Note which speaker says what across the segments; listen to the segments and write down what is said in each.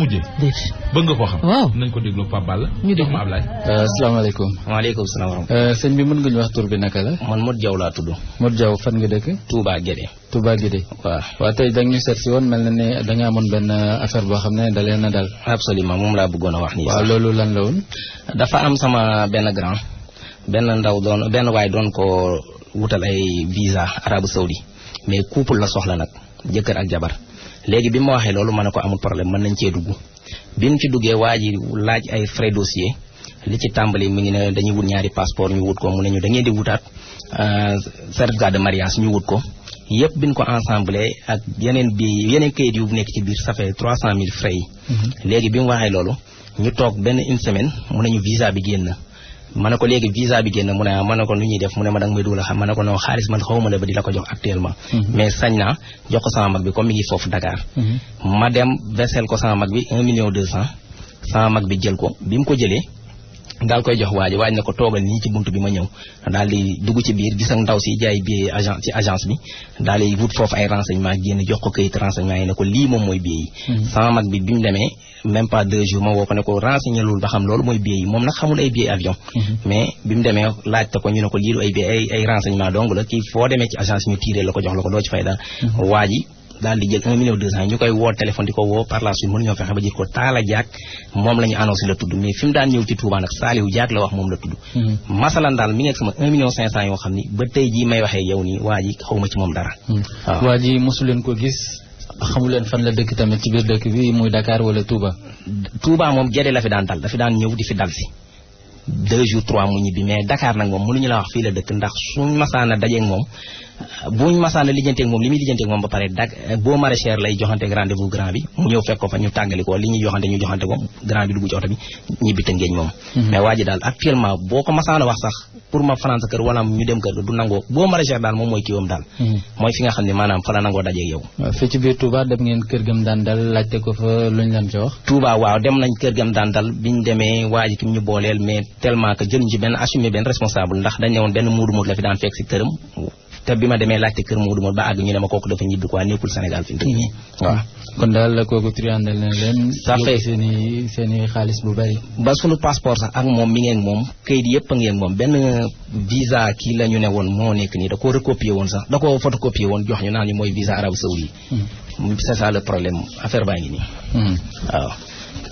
Speaker 1: mujjé déet bëgg ko xam waaw nañ ko déglu Pape Balla ñu déglu Ablaye asalaamaaleykum euh,
Speaker 2: waaleykum euh, bi mën nga ñu wax bi naka la man Mod Jaw Mod Jaw fan nga dëkk Touba Guédé Touba Guédé waaw waaw tey da ñu seet si woon mel na da nga affaire da dal absolument moom laa bëggoon wax lan la dafa am sama benn grand benn ndaw doon benn waay doon ko wutal ay visa Arab saudi mais couple la soxla nag ak jabar léegi bi mu waxee loolu ma ne ko amul problème mën nañ cee dugg bi mu ci duggee waa ji laaj ay frais dossier li ci tàmbali mi ngi ne dañuy wut ñaari passeport ñu wut ko mu ne ñu da ngeen di wutaat euh, certificat de mariage ñu wut ko yëpp biñ ko ensemble ak yeneen bi yeneen kayit yu nekk ci biir ça fait trois cent mille frais yi mhm. léegi bi mu waxee loolu ñu toog benn une semaine mu ne ñu visa bi génn mane ko léegi visa bi génn mu ne ma ne ko nu ñuy def mu ne ma danga may dugal xam ma ne ko non xaalis man xawma la ba di ko jox actuellement mhm. mais sañ naa jox ko sama mag bi comme mi ngi foofu Dakar mhm. ma dem vesel ko sama mag bi un million deux cent sama mag bi jël ko bi mu ko jëlee daal koy jox waaji waaj na ko toogal nii ci bunt bi ma ñëw daal di dugg ci biir gis ndaw si jaay billet agence ci bi daal di wut foofu ay renseignement génn jox ko këyit renseignement yi ne ko lii moom mooy billet yi hmm. demee même pas deux jours ma woo ko ne ko renseigné lul ba xam loolu mooy billet yi moom nag xamul ay billet avion hmm. mais bi mu demee laajte ko ñu ne ko lii du ay billet ay renseignement donc la kii foo demee ci agence ñu tiré la ko jox la ko doo ci fay dara hmm. waaji daal di jël un million deux cent ñu koy woo téléphone di ko woo par la suite mën ñoo fexe ba jël ko Talla Diack moom la ñu la tudd mais fi daan ñëw ci Touba nag Saliou Diack la wax moom la tudd hmm. masalan daal mi ngi sama un cinq cent yoo xam ni ba tey jii may waxee yow nii waa ji xaw ma ci moom dara hmm. waaw waa ji mosu leen ko gis xamu leen fan la dëkk tamit ci biir dëkk bi muy Dakar wala Touba Touba moom gede la fi daan dal dafi daan ñëw di fi dal si mu ñibbi mais Dakar nag moom mënuñu la wax fii la dëkk ndax suñ masaana dajeeg moom buñ masaana lijjanteeg moom li muy lijjanteeg moom ba pare boo maraîchère lay joxanteeg grand bi mu joxante bi ñibbi tëngeeñ moom mhm. mais waa daal actuellement boo ko masaana wax sax pour ma France kër wala ñu dem kër du nangoo boo maraîchère daal moom mooy kiiwam daal mhm. mooy fi nga xam ne maanaam fa nangoo dajeeg yow fii ci biir Touba dem ngeen kër gam daan dal laajte ko tellement que jëluñ ci benn assumé benn responsable ndax dañ ne woon benn Modou Modou la fi daan fekk si këram te bi ma demee laajte kër Modou Modou ba àgg ñu ne ma kooku dafa ñibbi quoi nekkul mm-hmm. leen. ça seen xaalis bu bari. ba sunu passeport ak moom mi ngeen moom kayit yëpp ngeen moom benn visa kii la ñu ne woon moo nekk nii da koo recopier woon sax da koo photocopier woon jox ñu naan ñu mooy visa arabe saoudi. Mm-hmm. c'est ça le problème affaire baa ngi nii. Mm-hmm. waaw.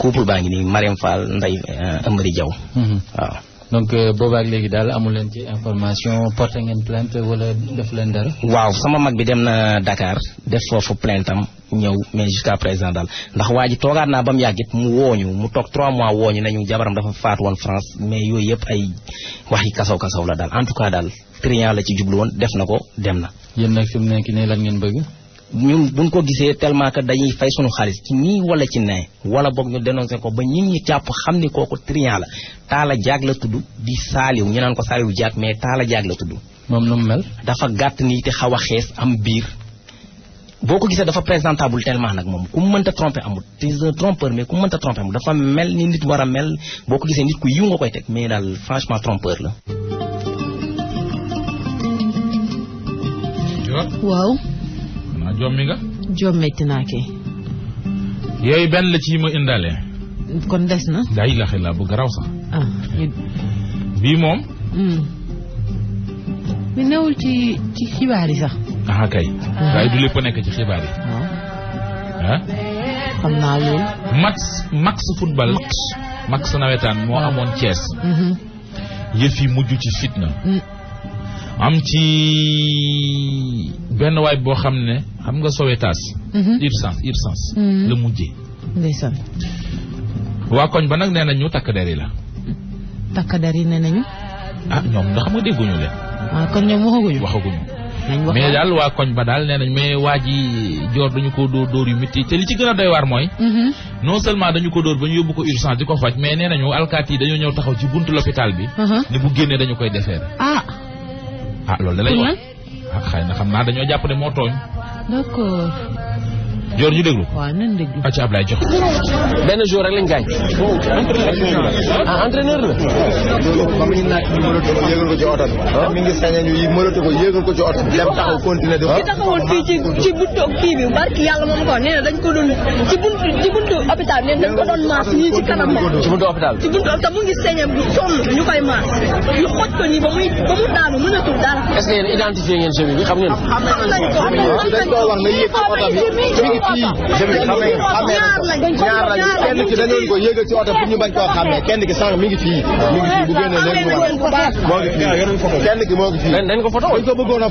Speaker 2: couple baa ngi nii Marème Fall Ndeye euh, Amary Diaw. Mhm. waaw. donc euh, boobaak léegi daal amul leen ci information porté ngeen plainte wala def leen dara. waaw sama mag bi dem na Dakar def foofu plainte am ñëw mais jusqu'à présent daal ndax waa ji toogaat naa ba mu yàgg it mu wooñu mu toog 3 mois wooñu nañu jabaram dafa faat woon France mais yooyu yëpp ay wax yi kasaw kasaw la daal en tout cas daal triant la ci jublu woon def na ko dem na. yéen nag fi mu nekk nii la ngeen bëgg. ñun buñ ko gisee tellement que dañuy fay sunu xaalis ci nii wala ci nee wala boo ñu dénoncé ko ba ñun ñi jàpp xam ni kooku triant la taala jaag la tuddu di saaliw ñu naan ko saaliw jaag mais taala jaag la tudd. moom nu mu mel. dafa gàtt nii te xaw a xees am biir boo ko gisee dafa présentable tellement nag moom ku mu mënta trompé amul te un trompeur mais ku mu mënta amul dafa mel ni nit war a mel boo ko gisee nit ku yiw nga koy teg mais daal franchement trompeur la.
Speaker 1: jommi nga. joom metti naa kay. yooyu benn la ci yi ma indaale. kon des na. daay la xelal bu garaw sax. Ah, bii moom. Hmm. mi newul ci xibaar yi sax. ah kay. waaye du lépp nekk ci xibaar yi. Ah. ah. xam naa loolu. max max football. max max nawetaan moo ah. amoon Thiès. Mhm. yëf yi mujj ci fitna. Hmm. am ci benn waay boo xam ne xam nga Sowetaas. urgence urgence. la mujjee. ndeysaan. waa koñ ba nag nee nañu takk der yi la. takk der yi nee nañu. ah ñoom ndax ma nga dégguñu leen. ah kon ñoom waxaguñu. waxaguñu. mais daal waa koñ ba daal nee nañ mais waa ji joor dañu ko dóor dóor yu métti te li ci gën a doy waar mooy. Mhm. non seulement dañu ko dóor ba ñu yóbbu ko urgence di ko faj mais nee nañu alkaati yi dañoo ñëw taxaw ci buntu l'hôpital bi. Uh-huh. ne bu génnee dañu koy defeer ah. ah loolu da lay wax ah xëy na xam naa dañoo jàpp ne moo tooñ. d'accord. joor ñu déglu. waaw nañ déglu. waa ci Ablaye jox. benn jour rek lañ gaañ.
Speaker 3: ah entraîneur la. loolu ba muy naaj ñu mënatu ko yéegal ko ci oto bi. mi ngi saña ñu mënatu ko yéegal ko ci oto bi. dem taxaw continuer di. ki taxawoon fii ci ci buntu kii bi barki yàlla moom ko nee na dañ ko doon ci buntu ci buntu hôpital nee dañ ko doon maas nii ci kanam ci buntu hôpital. ci buntu te mu ngi saña bu sonn ñu koy maas ñu xoj ko nii ba muy ba mu daanu mënatul dara. est-ce que yéen identifié ngeen chef bi xam ngeen. xam nañ ko xam nañ ko kii jëmi xamee xamee ñaar lañu kenn ki dañu ko kenn ki fii mi ngi fii fii kenn ki moo ngi ko photo dañ ko bëggoon a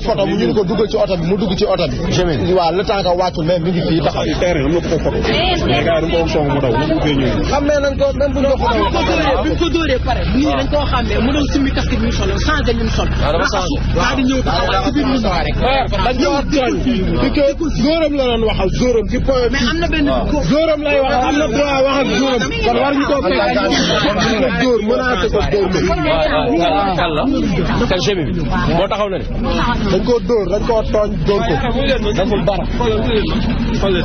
Speaker 3: ko duggal ci oto mu dugg ci oto bi jëmi waaw le temps que wàccul mais mi ngi fii taxaw xamee nañ ko même bu ñu ko photo bi ñu ko dóoree
Speaker 2: koo xàmmee mu doon summi casque
Speaker 3: changé
Speaker 1: lim sol. waaw
Speaker 2: dafa changé waaw di ñëw taxawaat ci biir nit
Speaker 3: ñi. waaw góoram la doon waxal góoram ci point mais am na benn góoram lay wax am na droit wax ak góoram kon war ñu koo fekk ak góor mënaate ko góor la. kan la kan chemin bi moo taxaw na ne. dañ koo dóor dañ koo tooñ dóor ko. deful dara. xoolal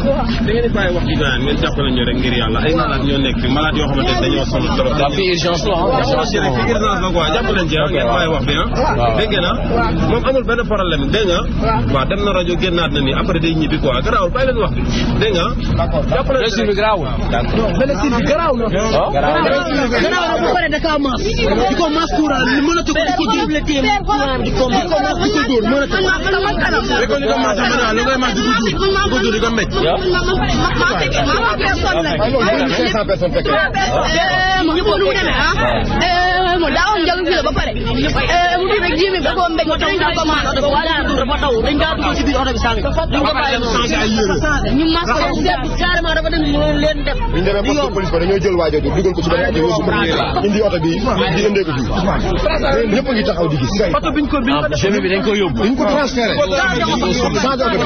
Speaker 3: da ngeen di bàyyi wax ji daan ngeen jàppale ñu rek ngir yàlla ay malade ñoo nekk fi malade yoo xamante ne dañoo sonn trop. waaw fii urgence la ah. urgence la quoi jàppale ñu ci rek ah, ngeen bàyyi wax bi ah dégg na moom amul benn problème dégg nga waaw dem na rajo génnaat
Speaker 1: na ni après day ñibbi quoi garaawul bàyyi leen wax bi dégg nga jàpp na blessure bi garaawul blessure bi garaawul garaawul bu
Speaker 3: pare da kaa maas di ko maas courant ni mën a tëgg di ko dóor la téem courant di ko maas di ko dóor mën a tëgg di ko ni ko maas mën a lu ngay maas di ko dóor di ko dóor di ko mbéj personne fekk mu ngi mu demee ah moo daawoon jalu fi la ba pare mu eh, rek jéemee ba ko mbéj dañ kaa commande oto bi waa dafa dund dafa daw dañ kaa dugal ci biir oto bi sànni duñ ko bàyyi ñu mas ko seet carrément dafa dem mënoon leen def ñu demee poste police ba dañoo jël waajo bi dugal ko ci benn oto bi indi oto bi di indee ko fii ñëpp ngi taxaw di gis oto biñ ko biñ bi dañ ko yóbbu dañ ko ah. transféré changé oto bi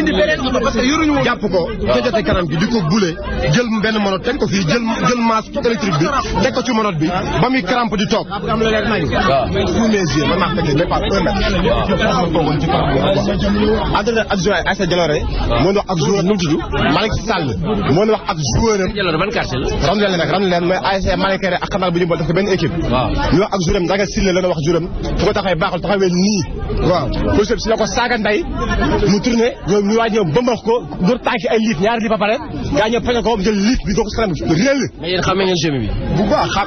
Speaker 3: indi beneen oto parce que yoruñu woon jàpp ko cajate kanam bi di ko bule jël benn monote teg ko fii jël jël masque électrique bi teg ko ci monote bi ba muy crampe di toog sous mes yeux mën naa fekkee mais pas un mètre toogoon ci parc entraîneur
Speaker 1: adjoint Aïssa Dialore
Speaker 3: moo wax ak joueur nu mu tudd Malick Sall moo wax ak joueur am
Speaker 1: Dialore ban
Speaker 2: quartier la ram leen nag ram
Speaker 3: leen mooy ASC Malick bu ñu boole dafa benn équipe ñu wax ak jouram danga sille la wax jouram fu ko taxawee baaxul taxawee nii waaw police si la ko saaga nday mu tourné ñoom ñu waaj ñoom bëmbax ko door tànki ay liit ñaari liit ba pare gaa ñëw pañe ko jël liit bi doo ko saram réel mais yéen xam ngeen jeu bi bu baax xam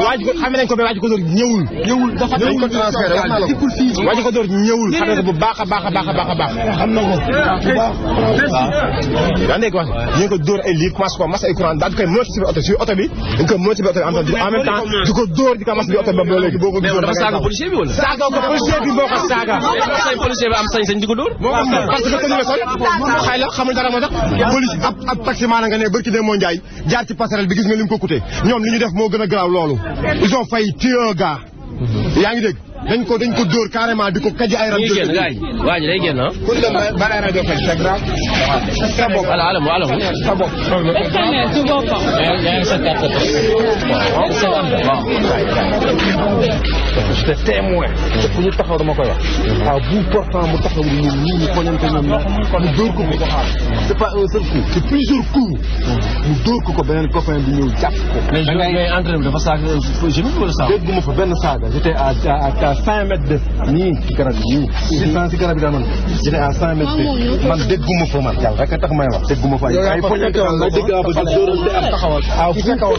Speaker 3: waaj ko xam nañ ko mais waaj ko door ñëwul dañ ko transféré wax naa la ko wàññi ko door ñëwul xam nga bu baax a baax a baax a baax a baax xam
Speaker 1: na ko waaw
Speaker 3: daa dégg wax ñu ko dóor ay lii commencé ko mas ay courant daal di koy motivé oto si oto bi dañ koy motivé oto bi en même temps di ko dóor di ko mas bi oto bi ba léegi boo ko gisoo dafa saaga policier bi wala saaga ko policier bi boo ko saaga sañ policier bi am sañ sañ di ko dóor parce que tënk na sol xëy la xamul dara moo tax police ab ab taxi maanaam nga ne barki dee moo njaay jaar ci passerelle bi gis nga li mu ko coûté ñoom li ñu def moo gën a garaaw loolu ils ont fay tuer un gars yaa ngi dégg dañ ko dañ ko dóor carrément di ko kaji ay rajo. ñu ngi
Speaker 1: waa ji day génn ah. pour que
Speaker 3: ba ay rajo fay sa grave. sa bopp voilà alamu alamu. sa bopp. su boppam. te témoin. ku ñu taxaw dama koy wax. à bout portant mu taxaw ñun ñii ñu poñante ñoom ñoom ñu dóor ko ko xaar. c' est pas un seul coup. c' est plusieurs coups. mu dóor ko ko beneen copain bi ñëw jàpp ko. mais dafa saaga jëmm wala saaga. dégg ma fa benn saaga j'étais à à cent mètres de nii ci garab yi nii distance ci garab yi daal man j'étais à cent mètres de man dégguma fa man yàlla rek a tax may wax dégguma fa ay poñe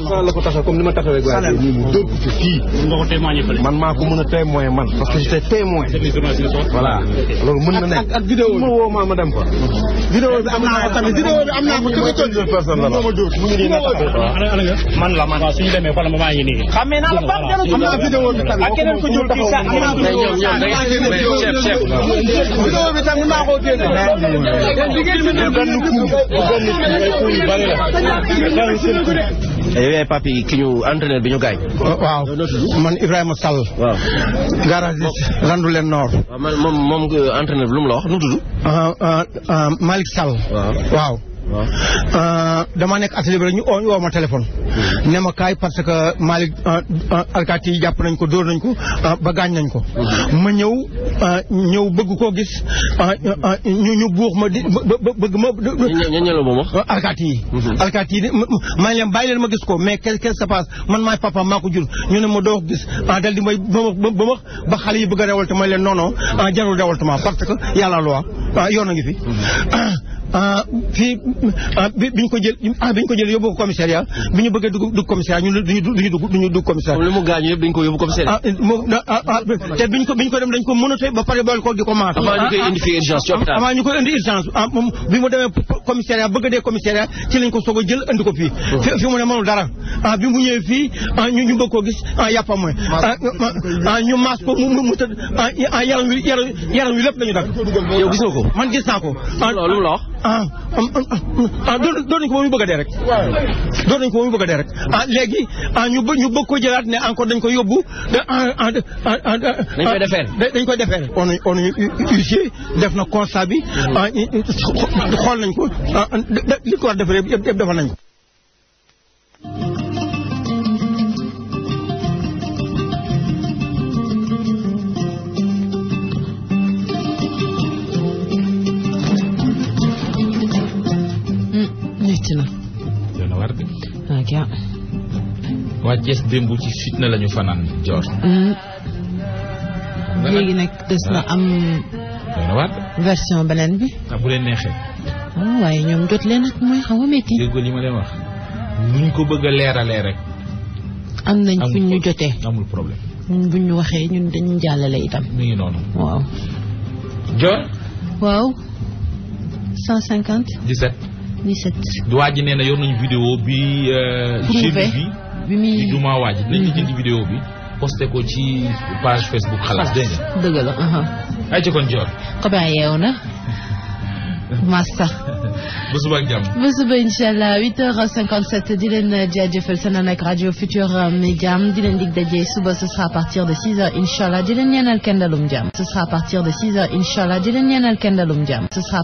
Speaker 3: nga la ko taxaw comme ni ma taxawee gars yi nii mu dóor ko fi fii man maa ko mën a témoin man parce que j'étais témoin voilà loolu mën na nekk ak vidéo ma woo maa ma dem ko am naa mu ngi nii man la man ma maa xamee naa la ba am naa vidéo bi tamit ak keneen
Speaker 1: ko jël mais ñoom ñoom da ngay
Speaker 3: mais chef yow yaay papi ki ñu bi ñu gaañ. waaw man Ibrahima Sall. waaw. garagiste noor. moom moom bi lu mu la nu mu tudd. Sall. waaw. Euh, dama nekk a bi rek ñu ma téléphone. ne ma parce que Malick euh, euh, alkaati yi jàpp nañ ko dóor nañ ko ba gaañ nañ ko. ma ñëw ñëw bëgg koo gis ñu ñu buux ma di bëgg ma. ña ña la moom alkaati yi. alkaati yi ma ne leen bàyyi leen ma gis ko mais qu'est-ce qui passe man maay papa maa ko jur ñu ne ma doo gis ah, dal di may ba ma ba xale yi bëgg a révolté ma leen non non ah, jarul révoltement parce que yàlla loi ah, yoon a ngi fi. Mm-hmm. Euh, fii euh, biñ ko jël ah biñ ko jël yóbbu ko commissariat mm. bi ñu bëggee dugg dugg commissariat duñu duñu dugg ko yóbbu commissariat ah, ah, ah, te biñ ko biñ ko dem dañ ko mënate ba pare boole ko di ko maas avant ñu koy indi fii urgence ci hôpital avant indi urgence moom bi mu demee commissariat bëgg dee commissariat ci lañ ko soog jël indi ko mm. fi mu ne mënul dara ah bi mu ñëwee fii ñu bëgg koo gis yàppa mooy ñu maas ko mu yaram wi yaram wi lépp lañu dag yow gis nga ko man gis naa ko ah ah, ah, ah, ah doon nañu ko ba muy bëgg a dee rek. doon nañu ko ba muy bëgg a dee rek ah léegi ah ñu bë ñu bëgg ko jëlaat ne encore dañ koy yóbbu ah dañ koy defeere dañ ko defeere. on est on est huissier def na constat bi ah xool nañ ko li ko war a defee yëpp defal nañ ko.
Speaker 1: Thiès démb ci fitna la ñu fanaan joor. Mm-hmm. léegi nag des na am. version beneen bi. Ah, bu leen oh, jot leen ak mooy xaw a métti. dégg li ma leen wax nuñ ko bëgg a leeralee rek. am nañ fuñ ñu jotee amul problème. ñun buñ ñu waxee ñun dañu jàllale itam. mi ngi noonu. waaw. Dior. waaw. 150. 17. 17. waa ji nee na nañu vidéo bi. Euh, prouvé bi. bi muy ci jumaa waaj dinañ jënd vidéo bi dégg la. ay ci kon joor. xobaa yeew na. Massa. ba suba ak jàmm. ba suba di leen jaajëfal seen ànd ak rajo Futur Media di leen dig daje suba ce sera à partir de 6h incha allah di leen ñaanal kendalum jàmm. ce sera à partir de 6h incha allah di